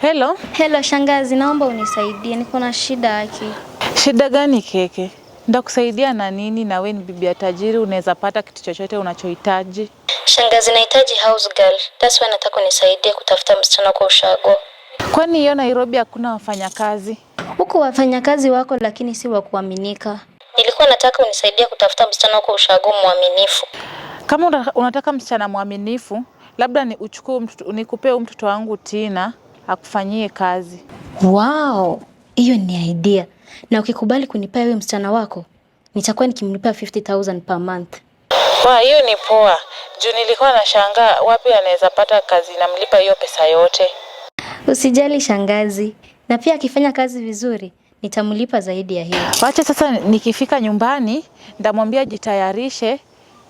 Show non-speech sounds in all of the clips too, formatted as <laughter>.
Hello. Hello shangazi, naomba unisaidie, niko na shida yake. Shida gani keke? Ndakusaidia na nini? Na wewe ni bibi ya tajiri, unaweza pata kitu chochote unachohitaji. Shangazi, nahitaji house girl. That's why nataka unisaidie kutafuta msichana kwa ushago. Kwani hiyo Nairobi hakuna wafanyakazi? Huko wafanyakazi wako, lakini si wa kuaminika. Nilikuwa nataka unisaidie kutafuta msichana kwa ushago mwaminifu. Kama unataka msichana mwaminifu, labda ni uchukue, nikupee mtoto wangu Tina akufanyie kazi. Wow, hiyo ni idea. Na ukikubali kunipa wewe msichana wako, nitakuwa nikimlipa 50000 per month. Kwa hiyo ni poa. Juu nilikuwa na shangaa wapi anaweza pata kazi namlipa hiyo pesa yote. Usijali shangazi, na pia akifanya kazi vizuri nitamlipa zaidi ya hiyo. Wacha sasa nikifika nyumbani ndamwambia jitayarishe,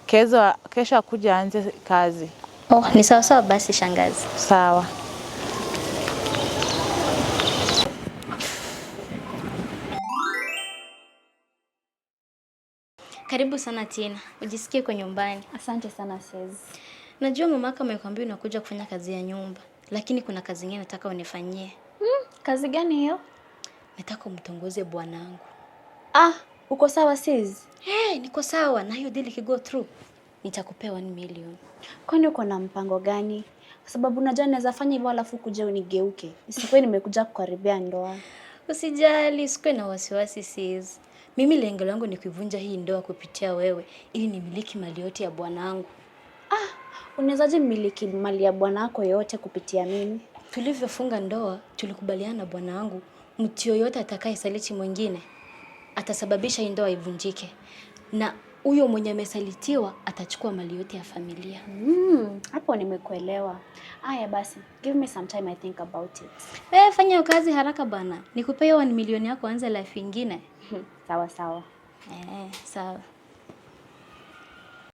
kesho kesho akuja anze kazi. Oh, ni sawa sawa basi shangazi. Sawa. Karibu sana Tina, ujisikie kwa nyumbani. Asante sana Sez. Najua mamako amekwambia unakuja kufanya kazi ya nyumba, lakini kuna kazi nyingine nataka unifanyie. Mm, kazi gani hiyo? Nataka umtongoze bwanangu. Ah, uko sawa Sez? Hey, niko sawa na hiyo deal ikigo through nitakupewa 1 million. Kwani uko na mpango gani? Kwa sababu najua naweza fanya hivyo alafu kuja unigeuke. Isikuwe nimekuja kukaribia ndoa. Usijali, usikuwe na wasiwasi Sez. Mimi lengo langu ni kuivunja hii ndoa kupitia wewe, ili nimiliki mali yote ya bwanangu. Ah, unawezaje miliki mali ya bwanako yote kupitia mimi? Tulivyofunga ndoa, tulikubaliana bwana wangu, mtu yoyote atakaye saliti mwingine atasababisha hii ndoa ivunjike, na huyo mwenye amesalitiwa atachukua mali yote ya familia. Mm hapo nimekuelewa. Aya basi, give me some time I think about it. Eh, fanya kazi haraka bana, nikupe hiyo milioni yako, anze life ingine. <laughs> sawa sawa. Eh, sawa.